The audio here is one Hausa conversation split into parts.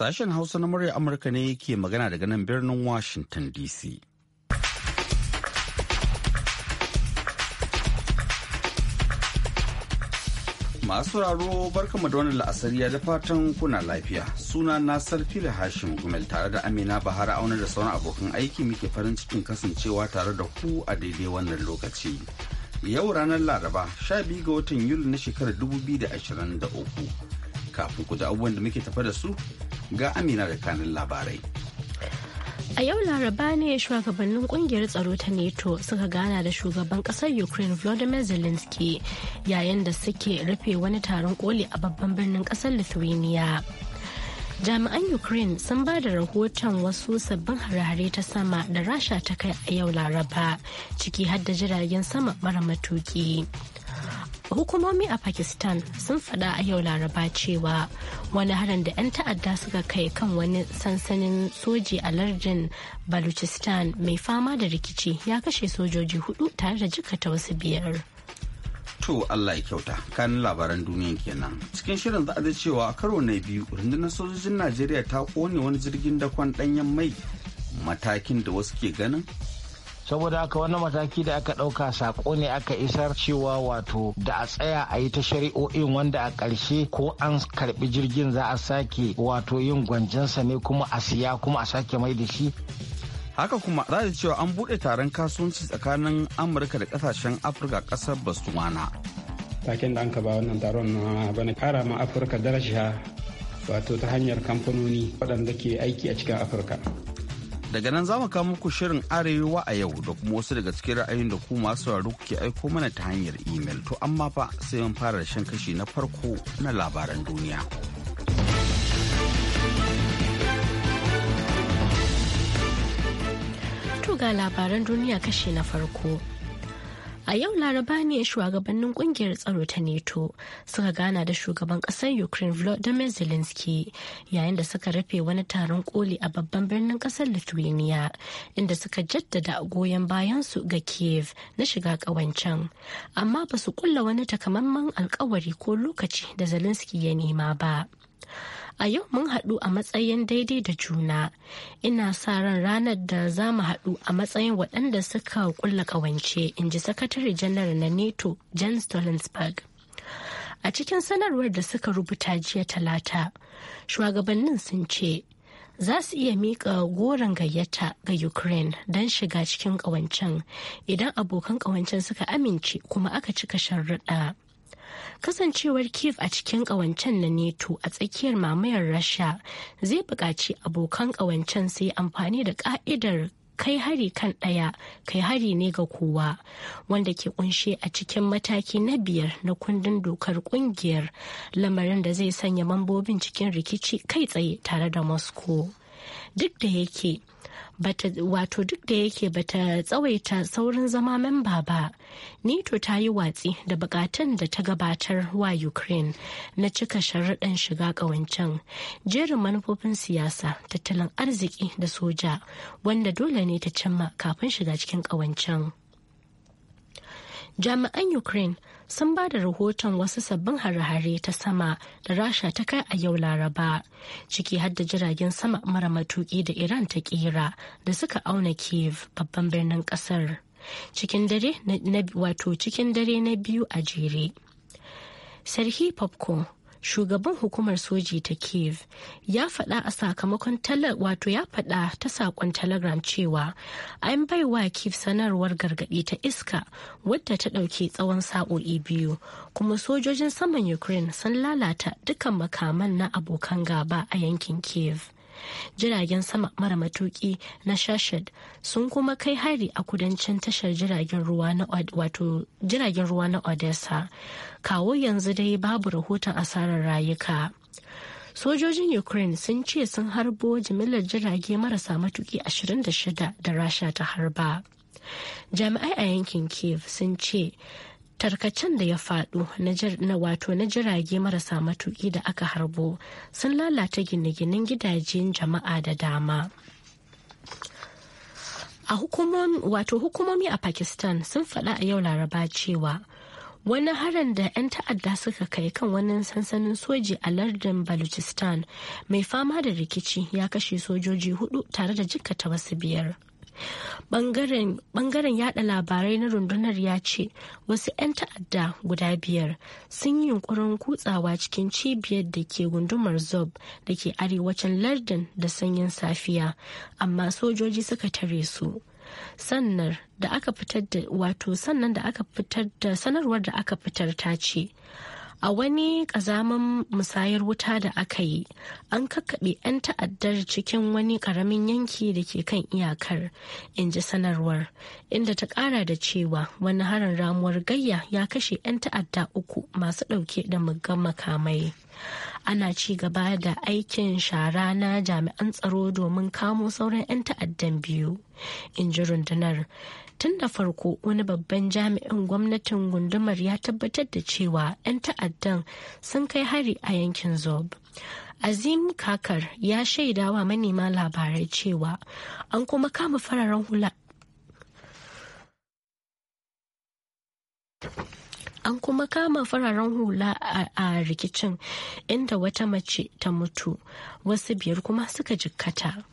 Sashen Hausa na murya Amurka ne ke magana daga nan birnin Washington DC. Masu raro barkama da wani ya da fatan kuna lafiya. Suna na Sarfila Hashim Gumel tare da Amina Bahara Auna da sauran abokan aiki muke farin cikin kasancewa tare da ku a daidai wannan lokaci. Yau ranar Laraba 12 ga watan Yuli na shekarar 2023. kafin ku ji abubuwan da muke tafa da su ga amina da kanin labarai. A yau Laraba ne shugabannin kungiyar tsaro ta NATO suka gana da shugaban kasar Ukraine Volodymyr Zelensky yayin da suke rufe wani taron koli a babban birnin kasar Lithuania. Jami'an Ukraine sun ba da rahoton wasu sabbin harare ta sama da rasha ta kai a yau Laraba ciki har da jiragen sama mara matuki. hukumomi a pakistan sun fada a yau laraba cewa wani harin da 'yan ta'adda suka kai kan wani sansanin soji a lardin baluchistan mai fama da rikici ya kashe sojoji hudu tare da jikata wasu biyar to allah ya kyauta kan labaran duniya kenan cikin shirin za a da cewa a karo na biyu rundunar sojojin najeriya ta kone wani jirgin dakon danyen mai matakin da wasu ke ganin saboda haka wani mataki da aka ɗauka sako ne aka isar cewa wato da a tsaya a yi ta shari'o'in wanda a ƙarshe ko an karbi jirgin za a sake wato yin gwanjansa ne kuma a siya kuma a sake mai da shi haka kuma za da cewa an buɗe taron kasuwanci tsakanin amurka da ƙasashen afirka ƙasar botswana taken da an ka ba wannan taron na bana kara ma afirka darasha wato ta hanyar kamfanoni waɗanda ke aiki a cikin afirka Daga nan za mu kawo muku shirin arewa a yau da kuma wasu daga cikin ra'ayin da ku masu sauraro kuke aiko mana ta hanyar imel. To amma fa sai mun fara shan kashi na farko na labaran duniya. ga labaran duniya kashi na farko. A yau laraba ne shugabannin kungiyar tsaro ta NATO suka gana da shugaban kasar Ukraine Volodymyr Zelensky yayin da suka rufe wani taron koli a babban birnin kasar Lithuania inda suka jaddada goyon bayansu ga Kiev na shiga kawancan. Amma ba su kulla wani takamaiman alkawari ko lokaci da Zelensky ya nema ba. a yau mun haɗu a matsayin daidai da juna ina sa ran ranar da za mu haɗu a matsayin waɗanda suka kulla ƙawance in ji sakatare janar na neto jan stoltenberg a cikin sanarwar da suka rubuta jiya talata shugabannin sun ce za su iya miƙa goron gayyata ga ukraine don shiga cikin ƙawancen idan abokan ƙawancen suka amince kuma aka cika sharaɗa. Kasancewar Kiev a cikin ƙawancen na neto a tsakiyar mamayar Rasha zai buƙaci abokan ƙawancen su yi amfani da ƙa'idar kai hari kan ɗaya kai hari ne ga kowa wanda ke kunshe a cikin mataki na biyar na kundin dokar ƙungiyar lamarin da zai sanya mambobin cikin rikici kai tsaye tare da moscow duk da yake bata wato duk da yake bata tsawaita saurin zama memba ba nito ta yi watsi da bukatun da ta gabatar wa ukraine na cika sharaɗin shiga ƙawancen jerin manufofin siyasa tattalin arziki da soja wanda dole ne ta cimma kafin shiga cikin ƙawancen jami'an ukraine sun ba da rahoton wasu sabbin hare-hare ta sama da rasha ta kai a yau laraba ciki har da jiragen sama mara matuki da iran ta kera da suka auna kiev babban birnin kasar cikin dare na biyu a jere sarhi popko shugaban hukumar soji ta kiev ya faɗa a sakamakon wato ya faɗa ta saƙon telegram cewa an bai wa kiev sanarwar gargaɗi ta iska wadda ta ɗauke tsawon sa'o'i biyu kuma sojojin saman ukraine sun lalata dukkan makaman na abokan gaba a yankin kiev jiragen sama mara matuki na shashad sun kuma kai hari a kudancin tashar jiragen ruwa na wato jiragen ruwa na odessa kawo yanzu dai babu rahoton asarar rayuka sojojin ukraine sun ce sun harbo jimillar jirage marasa matuki 26 da rasha ta harba jami'ai a yankin kiev sun ce tarkacen da ya faɗo na wato na jirage marasa matuƙi da aka harbo sun lalata gine-ginen gidajen jama'a da dama a wato hukumomi a pakistan sun faɗa a yau laraba cewa wani harin da 'yan ta'adda suka kai kan wani sansanin soji a lardin baluchistan mai fama da rikici ya kashe sojoji hudu tare da jikkata wasu biyar Bangaren yada labarai na rundunar ya ce wasu 'yan ta'adda guda biyar sun yi yunkurin kutsawa cikin cibiyar da ke gundumar Zob da ke arewacin lardin da sanyin safiya, amma sojoji suka tare su. sannan da aka fitar da wato sannan da aka fitar da sanarwar da aka fitar ta ce a wani kazaman musayar wuta da aka yi an kakkaɓe 'yan ta'addar cikin wani ƙaramin yanki da ke kan iyakar in ji sanarwar inda ta ƙara da cewa wani harin ramuwar gayya ya kashe 'yan ta'adda uku masu ɗauke da muggan makamai ana ci gaba da aikin shara na jami'an tsaro domin kamo sauran 'yan ta'addan biyu in ji rundunar tun da farko wani babban jami'in gwamnatin gundumar ya tabbatar da cewa 'yan ta'addan sun kai hari a yankin zob azim kakar ya shaida wa manema labarai cewa an kuma kama fararen hula an kuma kama fararen hula a rikicin inda wata mace ta mutu wasu biyar kuma suka jikkata.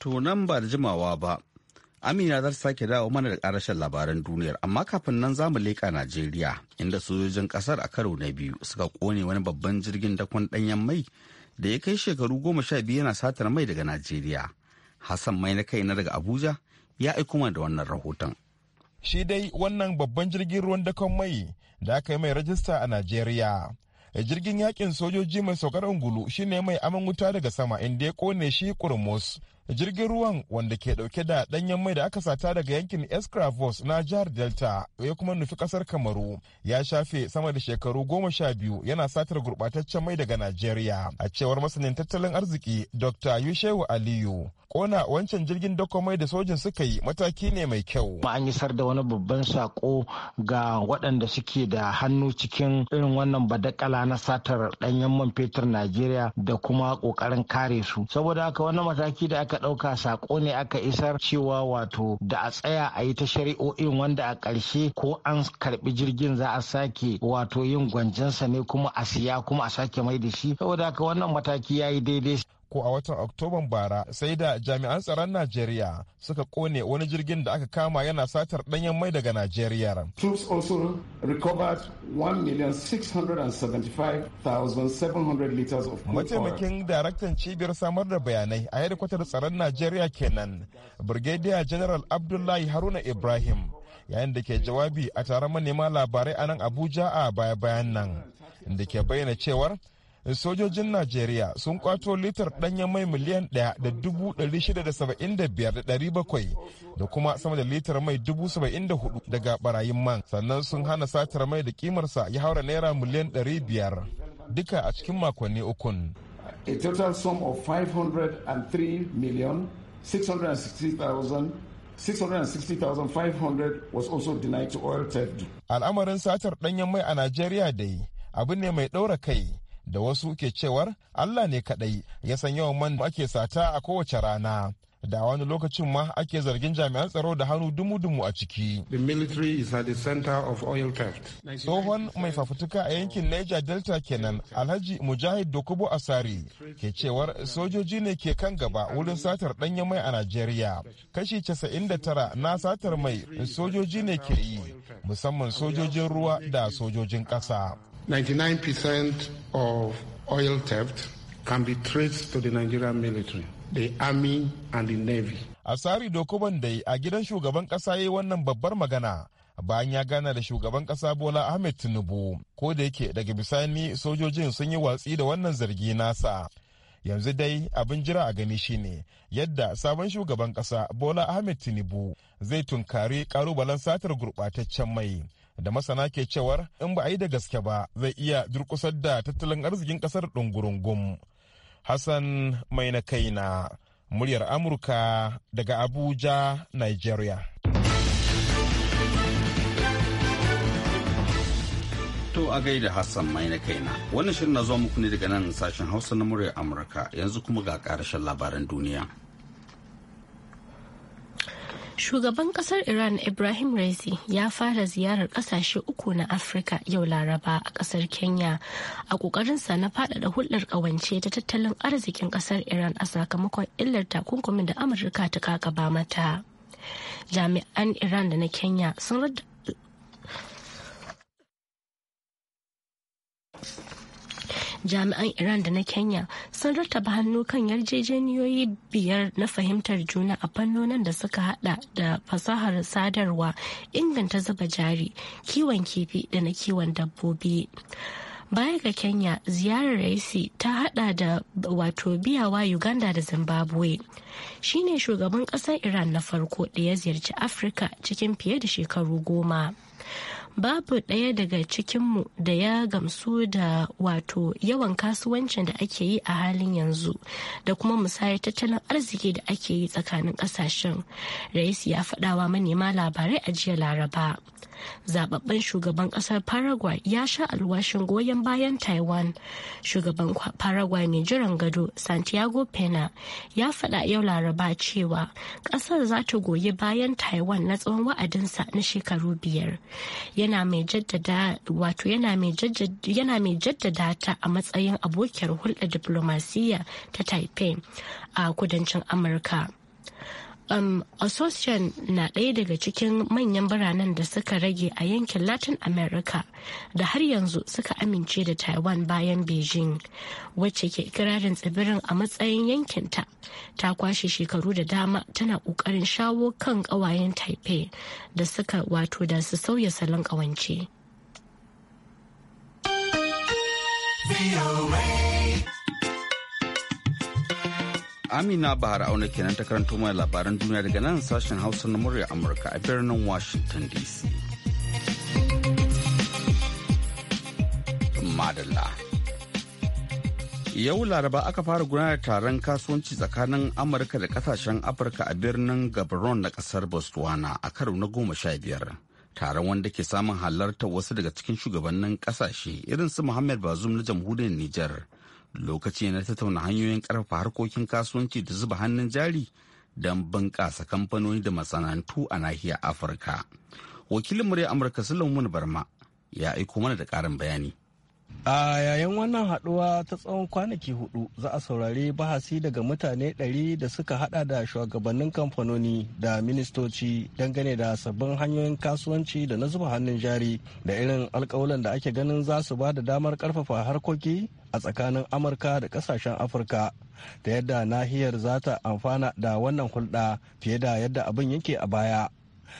To nan ba da jimawa ba. Amina za sake dawo mana da karashen labaran duniyar amma kafin nan za mu leƙa Najeriya inda sojojin kasar a karo na biyu suka kone wani babban jirgin dakon danyen mai da ya kai shekaru goma sha biyu yana satar mai daga Najeriya. Hassan mai na kai na daga Abuja ya aiko mana da wannan rahoton. Shi dai wannan babban jirgin ruwan dakon mai da aka yi mai rajista a Najeriya. Jirgin yakin sojoji mai saukar ungulu shine mai aman wuta daga sama inda ya kone shi kurmus. jirgin ruwan wanda ke dauke da danyen mai da aka sata daga yankin escravos na jihar delta ya kuma nufi kasar kamaru ya shafe sama da shekaru goma sha biyu yana satar gurbataccen mai daga nigeria a cewar masanin tattalin arziki dr yushewu aliyu kona wancan jirgin mai da sojin suka yi mataki ne mai kyau. an sar da wani babban sako ga waɗanda suke da hannu cikin irin wannan badakala na satar ɗanyen man fetur Najeriya da kuma ƙoƙarin kare su. Saboda haka wani mataki da aka ɗauka sako ne aka isar cewa wato da a tsaya a yi ta shari'o'in wanda a ƙarshe ko an karɓi jirgin za a sake wato yin gwanjansa ne kuma a siya kuma a sake mai da shi saboda haka wannan mataki ya yi daidai ko a watan Oktoban bara sai da jami'an tsaron Najeriya suka kone wani jirgin da aka kama yana satar ɗanyen mai daga Najeriya. Troops also recovered 1,675,700 liters of Mataimakin daraktan cibiyar samar da bayanai a hedikwatar tsaron Najeriya kenan, Brigadier General Abdullahi Haruna Ibrahim. yayin da ke jawabi a taron manema labarai a nan abuja a baya-bayan nan da ke bayyana cewar sojojin najeriya sun kwato litar danyen mai miliyan ɗaya da dubu ɗari shida da saba'in da biyar da ɗari bakwai da kuma sama da litar mai dubu saba'in da hudu daga barayin man sannan sun hana satar mai da kimarsa ya haura naira miliyan ɗari biyar duka a cikin makonni ukun. a total sum of 503 million 660,500 was also denied to oil theft. Al'amarin satar ɗanyen mai a Najeriya dai abu ne mai ɗaura kai da wasu ke cewar Allah ne kaɗai ya san yawan man da ake sata a kowace rana. da wani lokacin ma ake zargin jami'an tsaro da hannu dumu-dumu a ciki. The military is at the center of oil theft. Tsohon mai fafutuka a yankin Niger Delta kenan Alhaji Mujahid Dokubo Asari ke cewar sojoji ne ke kan gaba wurin satar danyen mai a Najeriya. Kashi 99 na satar mai sojoji ne ke yi musamman sojojin ruwa da sojojin ƙasa. 99% of oil theft can be traced to the Nigerian military, the army and the navy. A tsari dokuban dai a gidan shugaban ƙasa yi wannan babbar magana bayan ya gana da shugaban kasa Bola Ahmed Tinubu, ko da yake daga bisani sojojin sun yi watsi da wannan zargi nasa. yanzu dai abin jira a gani shine yadda sabon shugaban kasa bola ahmed tinubu zai tunkari karubalan satar gurɓataccen mai da masana ke cewar in ba a yi da gaske ba zai iya durkusar da tattalin arzikin kasar ɗungurungum. Hassan mai na kaina muryar Amurka daga Abuja, Nigeria. To a gaida Hassan mai na kaina. Wannan shirin na zuwa muku ne daga nan sashen Hausa na muryar Amurka yanzu kuma ga ƙarashen labaran duniya. Shugaban kasar Iran Ibrahim Raisi ya fara ziyarar kasashe uku na Afirka yau Laraba a kasar Kenya a kokarinsa na faɗaɗa hulɗar ƙawance ta tattalin arzikin kasar Iran a sakamakon illar takunkumin da Amurka ta kakaba mata. Jami'an Iran da na Kenya sun jami'an iran da na kenya sun rattaba hannu kan yarjejeniyoyi biyar na fahimtar juna a fannonin da suka hada da fasahar sadarwa inganta zuba jari kiwon kifi da na kiwon dabbobi baya ga kenya ziyarar raisi ta hada da wato biyawa uganda da zimbabwe shine shugaban kasar iran na farko da ya ziyarci afirka cikin fiye da shekaru goma babu ɗaya daga cikinmu da ya gamsu da wato yawan kasuwancin da ake yi a halin yanzu da kuma musayar tattalin arziki da ake yi tsakanin ƙasashen. Rais ya faɗawa manema labarai a jiya Laraba. zababben shugaban kasar paraguay ya sha alwashin goyon bayan taiwan shugaban paraguay mai jiran gado santiago pena ya faɗa yau laraba cewa ƙasar za ta goyi bayan taiwan na tsawon wa'adinsa na shekaru biyar yana mai jaddada yana mai jaddada ta a matsayin abokiyar hulɗar diplomasiyya ta taipei a kudancin amurka um, Association na ɗaya daga cikin manyan biranen da suka rage a yankin Latin America da har yanzu suka amince da Taiwan bayan Beijing, wacce ke ikirarin tsibirin a matsayin yankinta. Ta kwashe shekaru da dama tana ƙoƙarin shawo kan ƙawayen Taipei da suka wato da su sauya salon ƙawance. Amina Bahar Auna kenan ta karanto mana labaran duniya daga nan sashen Hausa na murya Amurka a birnin Washington DC. Madalla. Yau Laraba aka fara gudanar taron kasuwanci tsakanin Amurka da kasashen Afirka a birnin Gabron na kasar Botswana a karo na goma sha biyar. Taron wanda ke samun halartar wasu daga cikin shugabannin kasashe irin su Muhammad Bazoum na jamhuriyar Nijar. lokaci na tattauna hanyoyin ƙarfafa harkokin kasuwanci da zuba hannun jari don bunƙasa kamfanoni da masana'antu a nahiyar afirka wakilin murya amurka sulaiman barma ya aiko mana da ƙarin bayani A yayin wannan haɗuwa ta tsawon kwanaki hudu za a saurari bahasi daga mutane ɗari da suka hada da shugabannin kamfanoni da ministoci dangane da sabbin hanyoyin kasuwanci da na zuba hannun jari da irin alkawalan da ake ganin za su ba da damar karfafa harkoki a tsakanin Amurka da kasashen Afirka da yadda nahiyar za ta amfana da wannan hulɗa fiye da yadda abin yake a baya.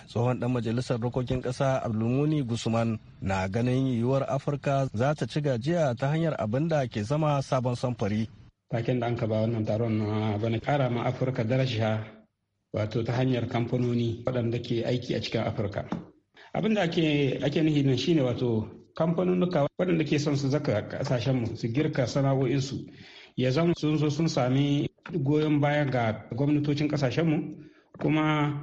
tsohon dan majalisar dokokin ƙasa abdulmuni gusman na ganin yiwuwar afirka za ta ci gajiya ta hanyar abin da ke zama sabon samfari takin da an ka ba wannan taron na bane kara ma afirka darasha wato ta hanyar kamfanoni waɗanda ke aiki a cikin afirka abin da ake nufi nan shine wato kamfanonuka waɗanda ke son su zaka ƙasashenmu su girka sana'o'insu ya zama sun zo sun sami goyon baya ga gwamnatocin ƙasashenmu kuma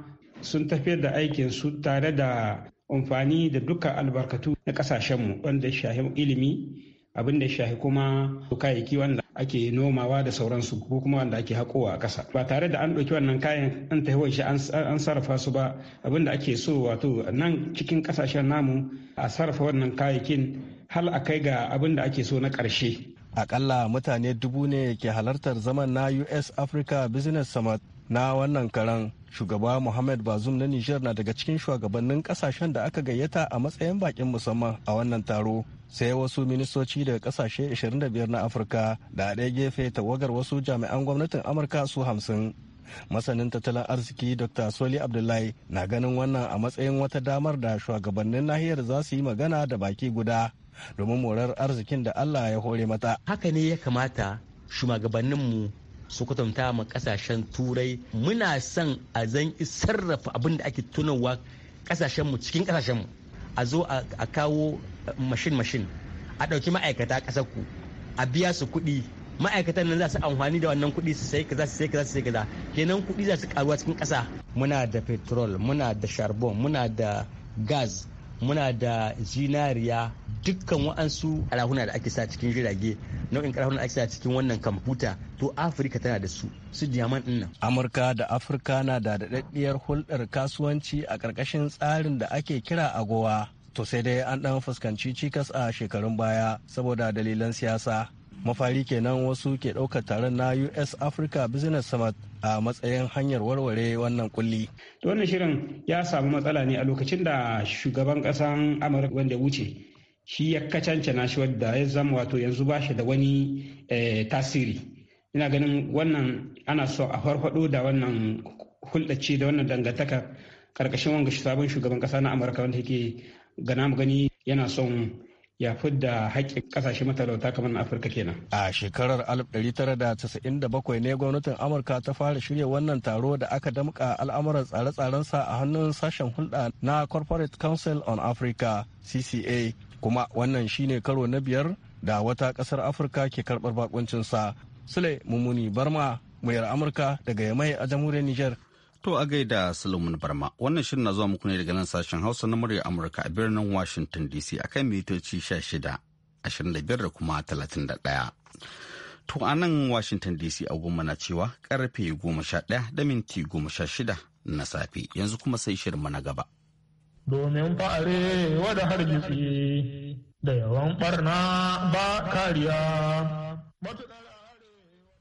sun tafiyar da aikin su tare da amfani da dukkan albarkatu na kasashenmu wanda shahi ilimi abin da shahi kuma kayayyaki wanda ake nomawa da sauransu ko kuma wanda ake haƙowa a ƙasa ba tare da an ɗauki wannan kayan an tafi shi an sarrafa su ba abin da ake so wato nan cikin ƙasashen namu a sarrafa wannan kayayyakin har a kai ga abin da ake so na ƙarshe akalla mutane dubu ne ke halartar zaman na us africa business summit na wannan karan shugaba muhammad bazum na niger na daga cikin shugabannin kasashen da aka gayyata a matsayin bakin musamman a wannan taro sai wasu ministoci daga kasashe 25 na afirka da ɗaya gefe tawagar wasu jami'an gwamnatin amurka su hamsin masanin tattalin arziki dr soli abdullahi na ganin wannan a matsayin wata damar da shugabannin nahiyar za su yi magana da baki guda domin morar arzikin da allah ya hore mata haka ne ya kamata shugabanninmu su kwatanta ma kasashen turai muna son a zan sarrafa abin da ake tunawa mu cikin mu a zo a kawo eh, mashin-mashin a ɗauki ma'aikata ƙasar ku a biya su kuɗi ma'aikatan nan za su amfani da wannan kuɗi su sai kaza su sai kaza su sai kaza kenan kuɗi za su karuwa cikin ƙasa muna da petrol muna da sharbon muna da gas muna da zinariya dukkan wa'ansu karahuna da ake sa cikin jirage nau'in karahuna da ake sa cikin wannan kamfuta to afirka tana da su su diamant din nan amurka da afirka na da daɗaɗɗiyar hulɗar kasuwanci a ƙarƙashin tsarin da ake kira agowa to sai dai an ɗan fuskanci cikas a shekarun baya saboda dalilan siyasa mafari kenan wasu ke ɗaukar taron na us africa business summit a matsayin hanyar warware wannan kulli. wannan shirin ya samu matsala ne a lokacin da shugaban kasan amurka wanda wuce shi ya kacance na shi wadda ya zama wato yanzu ba shi da wani eh, tasiri ina ganin wannan ana so a farfado da wannan hulɗaci da wannan dangantaka karkashin wanga sabon shugaban ƙasa na amurka wanda yake gana mu gani yana son ya fidda haƙƙin ƙasashe matalauta kamar na afirka kenan a shekarar 1997 ne gwamnatin amurka ta fara shirya wannan taro da aka damƙa al'amuran tsare-tsarensa a hannun sashen hulɗa na corporate council on africa cca kuma wannan shine karo na biyar da wata ƙasar afirka ke karɓar bakuncinsa sule mummuni barma muryar amurka daga yamai a jamhuriyar niger To a gaida Solomon Barma, wannan shirin na zuwa muku ne daga nan sashen Hausa na murya Amurka a birnin Washington DC a kan mitoci 16, 25 da kuma 31. To a nan Washington DC a goma na cewa karfe 11 da minti 16 na safe yanzu kuma sai shirin na gaba. Domin fa'are wada hargitsi da yawan barna ba kariya.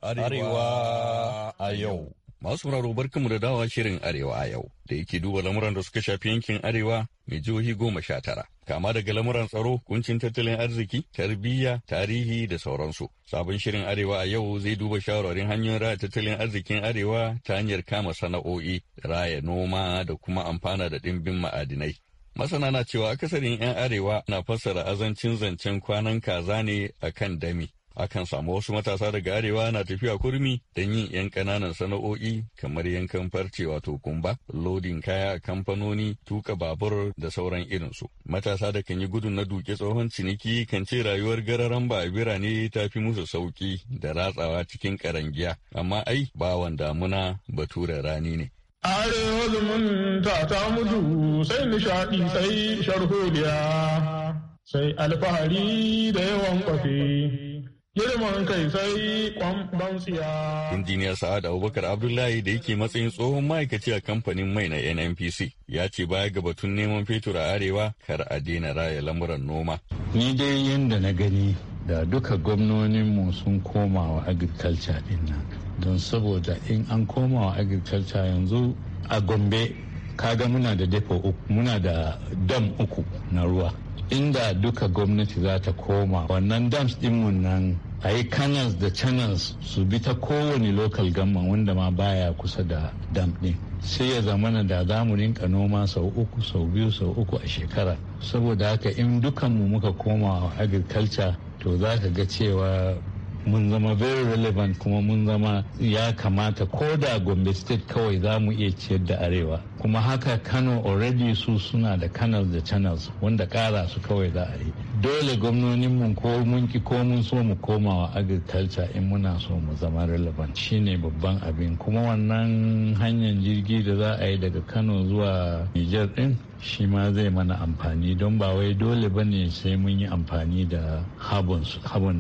Arewa a yau. Masu sauraro barkanmu da dawa shirin Arewa a yau da yake duba lamuran da suka shafi yankin Arewa mai jihohi goma sha tara. Kama daga lamuran tsaro, kuncin tattalin arziki, tarbiyya, tarihi da sauransu. Sabon shirin Arewa a yau zai duba shawarwarin hanyoyin raya tattalin arzikin Arewa ta hanyar kama sana'o'i, raya noma da kuma amfana da ɗimbin ma'adinai. Masana na cewa akasarin 'yan Arewa na fassara azancin zancen kwanan kaza ne a kan dami. akan samu wasu matasa daga arewa na tafiya kurmi don yin 'yan ƙananan sana'o'i kamar yankan farce wato kumba lodin kaya a kamfanoni tuka babur da sauran irinsu matasa da kan yi gudun na duke tsohon ciniki kan ce rayuwar gararan ba birane ta fi musu sauki da ratsawa cikin karangiya amma ai ba muna damuna bature rani ne are zumunta ta mutu sai nishaɗi sai sharholiya sai alfahari da yawan kwafi girman kai sai Injiniyar Sa'ad Abubakar Abdullahi da yake matsayin tsohon ma'aikaci a kamfanin mai na NNPC ya ce baya ga batun neman fetur a arewa kar a daina raya lamuran noma. Ni dai yadda na gani da duka gwamnoninmu sun koma wa agriculture din nan don saboda in an koma wa agriculture yanzu a Gombe kaga muna da depo muna da dam uku na ruwa inda duka gwamnati za ta koma wannan dams dinmu nan a yi canals da channels su bi ta kowane local gamman wanda ma baya kusa da dam ɗin sai ya zamana da za mu rinka noma sau uku sau biyu sau uku a shekara saboda haka in dukanmu muka koma agriculture to za ka ga cewa mun zama very relevant kuma mun zama ya kamata ko da gombe state kawai za mu iya ciyar da arewa kuma haka kano already su suna da canals da channels wanda kara su kawai za a yi dole gwamnonin mu ko mun ki ko mun so mu koma wa agriculture in muna so mu zama relevant shine babban abin kuma wannan hanyar jirgi da za a yi daga kano zuwa niger din shi ma zai mana amfani don ba wai dole ba ne sai mun yi amfani da habon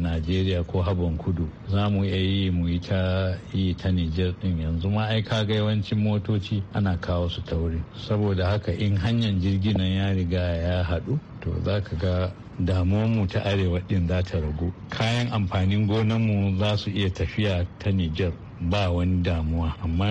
najeriya ko habon kudu za mu iya yi mu yi ta yi ta nijar din yanzu ma ai kaga yawancin motoci ana kawo su ta wuri saboda haka in hanyar jirgin nan ya riga ya haɗu to za ka ga damuwanmu ta arewa din za ta ragu kayan amfanin mu za su iya tafiya ta nijar ba wani damuwa amma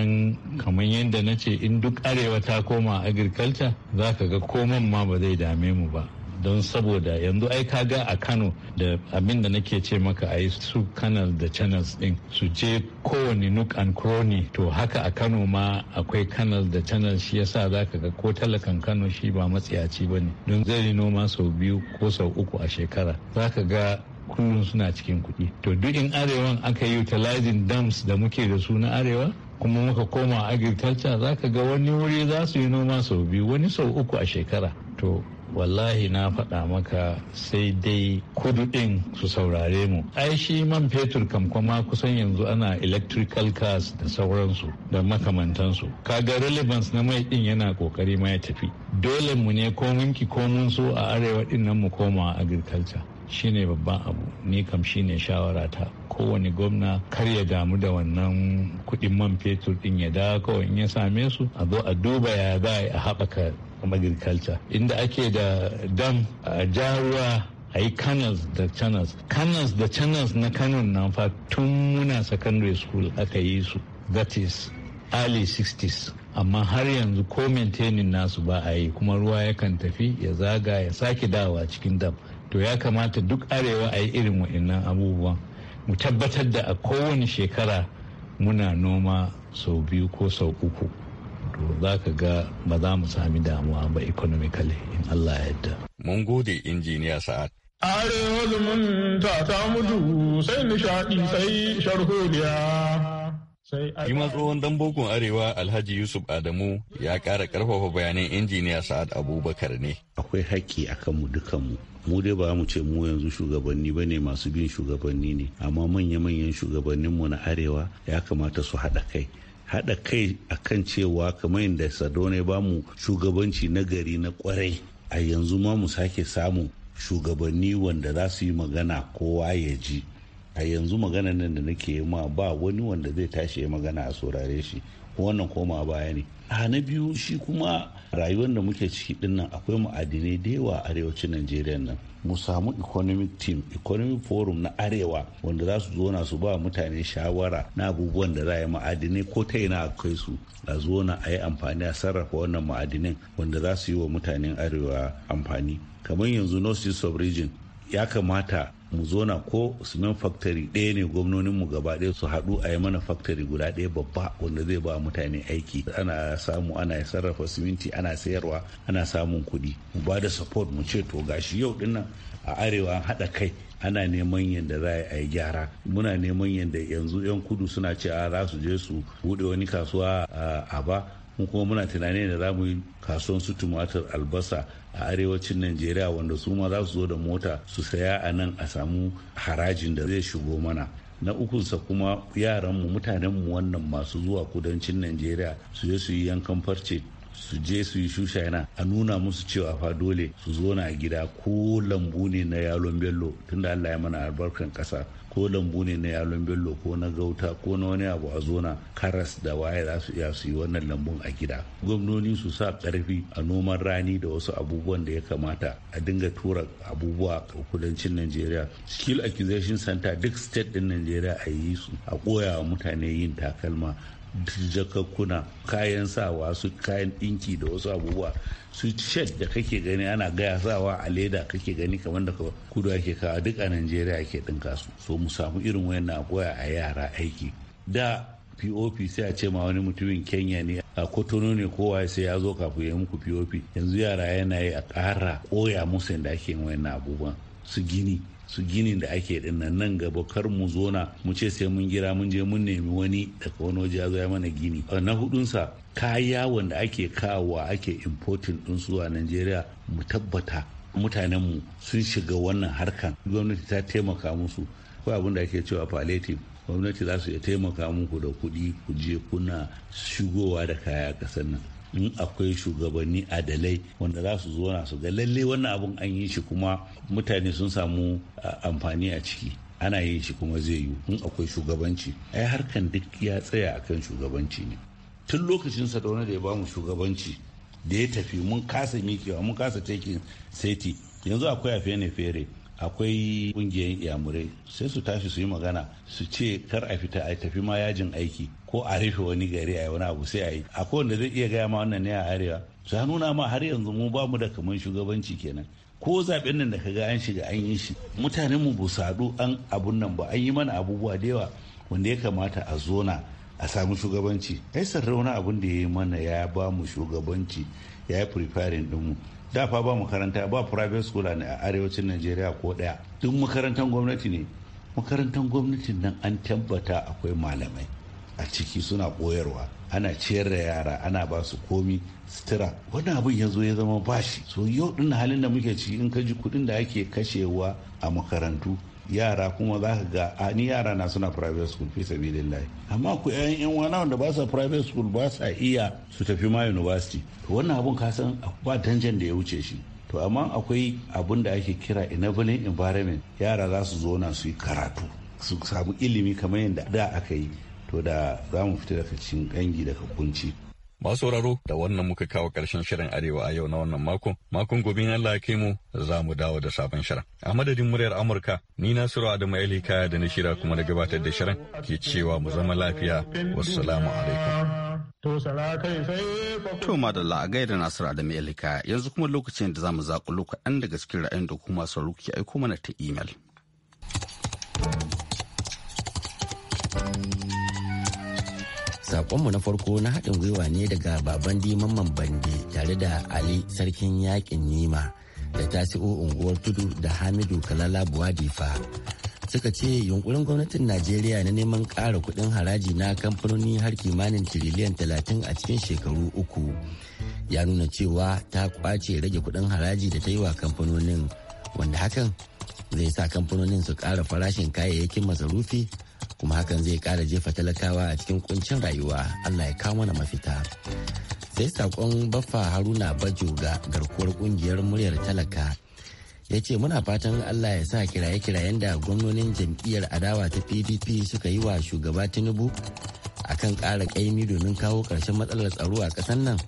kamar yadda na ce in duk arewa ta koma agriculture za ka ga koman ma ba zai dame mu ba don saboda yanzu ai ka ga a kano da abin da nake ce maka ai su kanal da channels din su je kowane nook and crony to haka a kano ma akwai kanal da channels shi yasa ka ga ko talakan kano shi ba matsiyaci ba ne don zai noma sau biyu ko sau uku a shekara za ka ga kullum suna cikin kuɗi to duk in arewan aka yi utilizing dams da muke da su na arewa kuma muka koma agriculture za ka ga wani wuri za su yi noma sau biyu wani sau uku a shekara to wallahi na faɗa maka sai dai kudu ɗin su saurare mu ai shi man fetur kam kuma kusan yanzu ana electrical cars da sauransu da makamantansu kaga relevance na mai ɗin yana ƙoƙari ma ya tafi dole mu ne ko minki ko so a arewa ɗin nan mu koma agriculture shine babban abu ni kam shine shawara ta kowane gwamna kar ya damu da wannan kuɗin man fetur ɗin ya dawo kawai in ya same su a zo a duba ya za a haɓaka agriculture inda ake da dam a jaruwa a yi canals da channels canals da channels na kanon nan fa tun muna secondary school aka yi su that is early 60s amma har yanzu ko maintaining nasu ba a yi kuma ruwa yakan tafi ya zaga ya sake dawa cikin dam to ya kamata duk arewa a yi irin wa'annan abubuwan mu tabbatar da a kowane shekara muna noma sau biyu ko sau uku to za ka ga ba za mu sami damuwa ba economically in Allah ya yadda. Mun gode injiniya sa'ad. Arewa zumunta ta mutu sai nishaɗi sai sharholiya. Yi ma tsohon arewa Alhaji Yusuf Adamu ya ƙara ƙarfafa bayanan injiniya Sa'ad Abubakar ne. Akwai haƙƙi akan mu dukanmu mu dai ba mu ce mu yanzu shugabanni ba ne masu bin shugabanni ne amma manya-manyan shugabanninmu na arewa ya kamata su haɗa kai haɗa kai a kan cewa kamar yadda sadone ba mu shugabanci na gari na kwarai a yanzu ma mu sake samu shugabanni wanda za su yi magana kowa ya ji a yanzu magana nan da nake yi ma ba wani wanda zai tashi ya magana a saurare shi wannan koma baya ne a na biyu shi kuma rayuwar da muke ciki dinnan akwai ma'adinai da yawa a arewacin najeriya nan mu samu economic team economic forum na arewa wanda za su zo na su ba mutane shawara na abubuwan da za a yi ma'adinai ko ta yi na kai su a zo na a yi amfani a sarrafa wannan ma'adinan wanda za su yi wa mutanen arewa amfani kamar yanzu north east ya kamata mu zona ko usman factory ɗaya ne gwamnoninmu gaba ɗaya su haɗu a yi mana factory guda ɗaya babba wanda zai ba mutane aiki ana samu ana sarrafa siminti ana sayarwa ana samun kuɗi mu ba da support mu ce to gashi yau dinnan a arewa an haɗa kai ana neman yadda za a yi gyara muna neman yadda yanzu 'yan kudu suna cewa za su je su buɗe wani kasuwa a ba mu kuma muna tunanin da za mu yi kasuwan su tumatir albasa a arewacin najeriya wanda su ma za su zo da mota su saya a nan a samu harajin da zai shigo mana na ukunsa kuma yaranmu mutanenmu wannan masu zuwa kudancin najeriya su je su yi yankan farce su je su yi shushaina a nuna musu cewa fa dole su zo na gida ko lambu ne na yalon bello tunda allah ya mana albarkan kasa ko lambu ne na yalon bello ko na gauta ko na wani abu a zona karas da waye za su iya su yi wannan lambun a gida gwamnoni su sa karfi a noman rani da wasu abubuwan da ya kamata a dinga tura abubuwa a kudancin nigeria skill acquisition center duk state din nigeria a yi su a koya wa mutane yin takalma jakakkuna kayan sawa su kayan dinki da wasu abubuwa su shed da kake gani ana gaya sawa a leda kake gani kamar da kudu ake kawo duk a najeriya ake ɗinka su so mu samu irin wayannan koya a yara aiki da pop sai a ce ma wani mutumin kenya ne a kotono ne kowa sai ya zo kafin ya muku pop yanzu yara yana yi a ƙara koya musu da ake yin wayannan abubuwan su gini su gini da ake din nan nan gaba kar mu zona mu ce sai mun gira mun je mun nemi wani daga wani waje ya zo ya mana gini ah, na hudunsa kaya wanda ake kawowa ake importing din zuwa Najeriya mu tabbata mutanenmu sun shiga wannan harkan gwamnati ta taimaka musu ko abin da ake cewa palliative gwamnati za su iya taimaka muku da kuɗi ku je kuna shigowa da kaya a ƙasar nan in akwai shugabanni adalai wanda za su zo su ga lalle wannan abun an yi shi kuma mutane sun samu amfani a ciki ana yin shi kuma zai yi in akwai shugabanci ai harkan duk ya tsaya akan shugabanci ne tun lokacin sa da ya bamu shugabanci da ya tafi mun kasa mikewa mun kasa taking seti yanzu akwai a fene fere akwai ƙungiyar yamurai sai su tashi su yi magana su ce kar a fita a tafi ma yajin aiki ko a rufe wani gari a wani abu sai a yi akwai wanda zai iya gaya ma wannan ne a arewa su nuna ma har yanzu mu ba mu da kamar shugabanci kenan ko zaben nan da ka ga an shiga an yi shi mutanen mu bu sadu an abun nan ba an yi mana abubuwa da yawa wanda ya kamata a zona a samu shugabanci ai sarrauna abun da ya yi mana ya ba mu shugabanci ya yi preparing dinmu da fa ba makaranta ba private school a arewacin najeriya ko daya duk makarantar gwamnati ne makarantar gwamnatin nan an tabbata akwai malamai a ciki suna koyarwa ana ciyar da yara ana ba su komi sutura wannan abin ya zo ya zama bashi so yau din halin da muke ciki in ka ji kudin da ake kashewa a makarantu yara kuma za ka ga a ni yara na suna private school fi lillahi amma ku yan yan wana wanda ba sa private school ba sa iya su tafi ma university to wannan abun ka san ba danjan da ya wuce shi to amma akwai abun da ake kira enabling environment yara za su zo na su yi karatu su samu ilimi kamar yadda da aka yi to da za mu fita daga cikin dangi daga kunci Masu sauraro da wannan muka kawo ƙarshen shirin Arewa a yau na wannan mako Makon gobe in Allah ya kai mu za mu dawo da sabon shirin. A madadin muryar Amurka, ni Nasiru Adamu elika da na shira kuma na gabatar da shirin ke cewa mu zama lafiya. Wassalamu alaikum. To madalla a gaida Nasiru Adamu elika yanzu kuma lokacin da za mu zaƙulo lokacin daga cikin ra'ayin da kuma sauraro ke aiko mana ta imel. Sakonmu na farko na haɗin gwiwa ne daga baban diman bandi tare da Ali sarkin yaƙin nima da tasi'o unguwar tudu da Hamidu Kalala Buwadifa. Suka ce yunkurin gwamnatin Najeriya na neman ƙara kuɗin haraji na kamfanoni har kimanin tiriliyan talatin a cikin shekaru uku. Ya nuna cewa ta kwace rage kuɗin haraji da ta yi wa kamfanonin wanda hakan zai sa kamfanonin su ƙara farashin kayayyakin masarufi kuma hakan zai kara jefa talakawa a cikin kuncin rayuwa allah ya kawo mana mafita sai sakon baffa haruna bajo ga garkuwar kungiyar muryar talaka ya ce muna fatan allah ya sa kiraye-kirayen da gwamnonin jam'iyyar adawa ta pdp suka yi wa shugaba tinubu kan kara kaimi domin kawo ƙarshen matsalar tsaro a kasar nan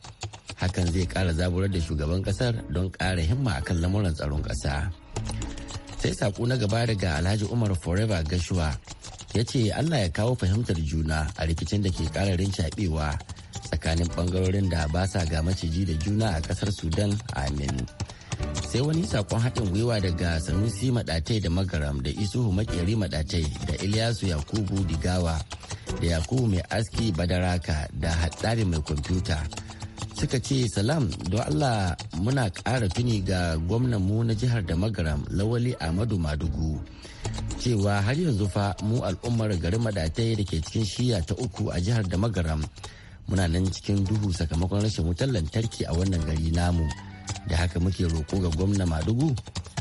hakan zai kara zaburar da shugaban kasar don kara himma a kan lamuran tsaron kasa sai saƙo na gaba daga alhaji umar forever gashuwa ya ce allah ya kawo fahimtar juna a rikicin da ke kararin shaɓewa tsakanin bangarorin da ba sa ga maciji da juna a kasar sudan amin sai wani sakon haɗin gwiwa daga sanusi maɗatai da magaram da isuhu makeri maɗatai da ilyasu yakubu digawa da yakubu mai aski badaraka da haɗari mai kwamfuta suka ce salam don allah muna ƙara tuni ga gwamnan mu na jihar da magaram lawali ahmadu madugu cewa har yanzu fa mu al'ummar garin madatai da ke cikin shiya ta uku a jihar da magaram muna nan cikin duhu sakamakon rashin wutar lantarki a wannan gari namu da haka muke roƙo ga gwamna madugu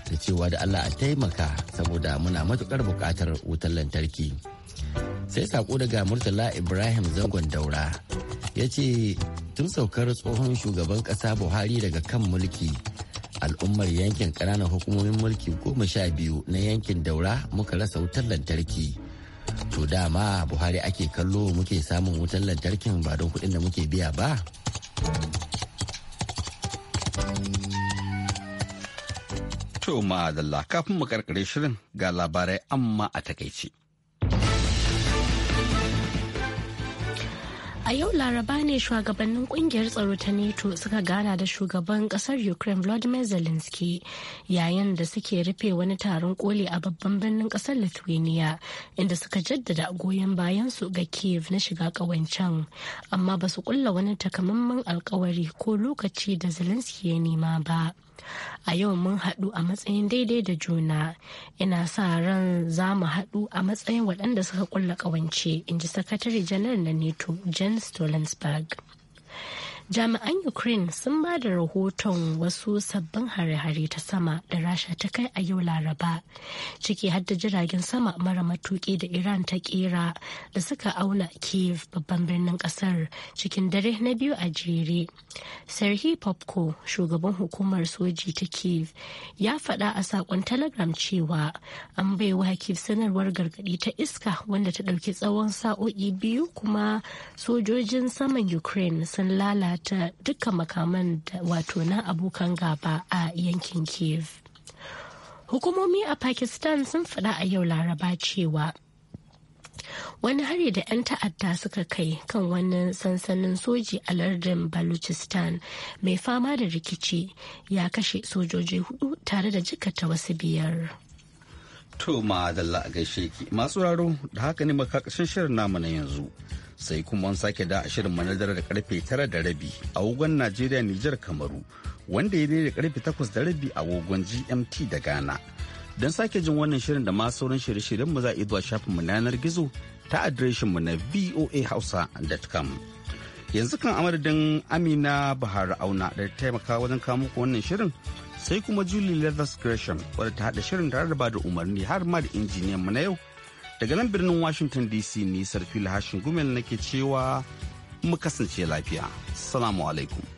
da cewa da allah a taimaka saboda muna matukar buƙatar wutar lantarki sai saƙo daga murtala ibrahim zangon daura ya ce tun saukar tsohon shugaban ƙasa buhari daga kan mulki al'ummar yankin ƙananan hukumomin mulki goma sha biyu na yankin daura muka rasa wutar lantarki to dama buhari ake kallo muke samun wutar lantarkin ba don kuɗin da muke biya ba to ma'adalla kafin mu karkare shirin ga labarai amma a takaice. A yau Laraba ne shugabannin kungiyar tsaro ta NATO suka gana da shugaban kasar Ukraine Vladimir Zelensky yayin da suke rufe wani taron koli a babban birnin kasar Lithuania inda suka jaddada goyon bayan su ga Kiev na shiga kawancan amma ba su kulla wani takamaiman alkawari ko lokaci da Zelensky ya nema ba. a yau mun haɗu a matsayin daidai da juna ina sa ran za mu haɗu a matsayin waɗanda suka ƙulla ƙawance in ji sakatare janar na neto jens stolensberg jami'an ukraine sun ba da rahoton wasu sabbin hare-hare ta sama da rasha ta kai a yau laraba ciki har da jiragen sama mara matuki da iran ta kera da suka auna kiev babban birnin kasar cikin dare na biyu a jere serhi popko shugaban hukumar soji ta kiev ya faɗa a saƙon telegram cewa an baiwa kiev sanarwar gargaɗi ta iska wanda ta ɗauki tsawon sa'o'i biyu kuma sojojin saman ukraine sun lalata ta dukkan makaman wato na abokan gaba a yankin kiev hukumomi a pakistan sun faɗa a yau laraba cewa wani hari da 'yan ta'adda suka kai kan wani sansanin soji a lardin baluchistan mai fama da rikici ya kashe sojoji hudu tare da jikata wasu biyar to ma da gaishe ki masu raro da haka ne makakashin shirin namu na yanzu sai kuma an sake da a shirin manadar da karfe tara da rabi a wogon najeriya nijar kamaru wanda ya da karfe takwas da rabi a wogon gmt da ghana don sake jin wannan shirin da masu sauran shirye-shiryen mu za a zuwa shafin mu yanar gizo ta adireshin mu na voahausa.com yanzu kan amadadin amina bahar auna da taimaka wajen kawo muku wannan shirin sai kuma julie leathers gresham wadda ta haɗa shirin tare da ba da umarni har ma da injiniyan mu na yau Daga nan birnin Washington DC ni sarfi Hashin Gumel nake cewa mu kasance lafiya. Salamu alaikum.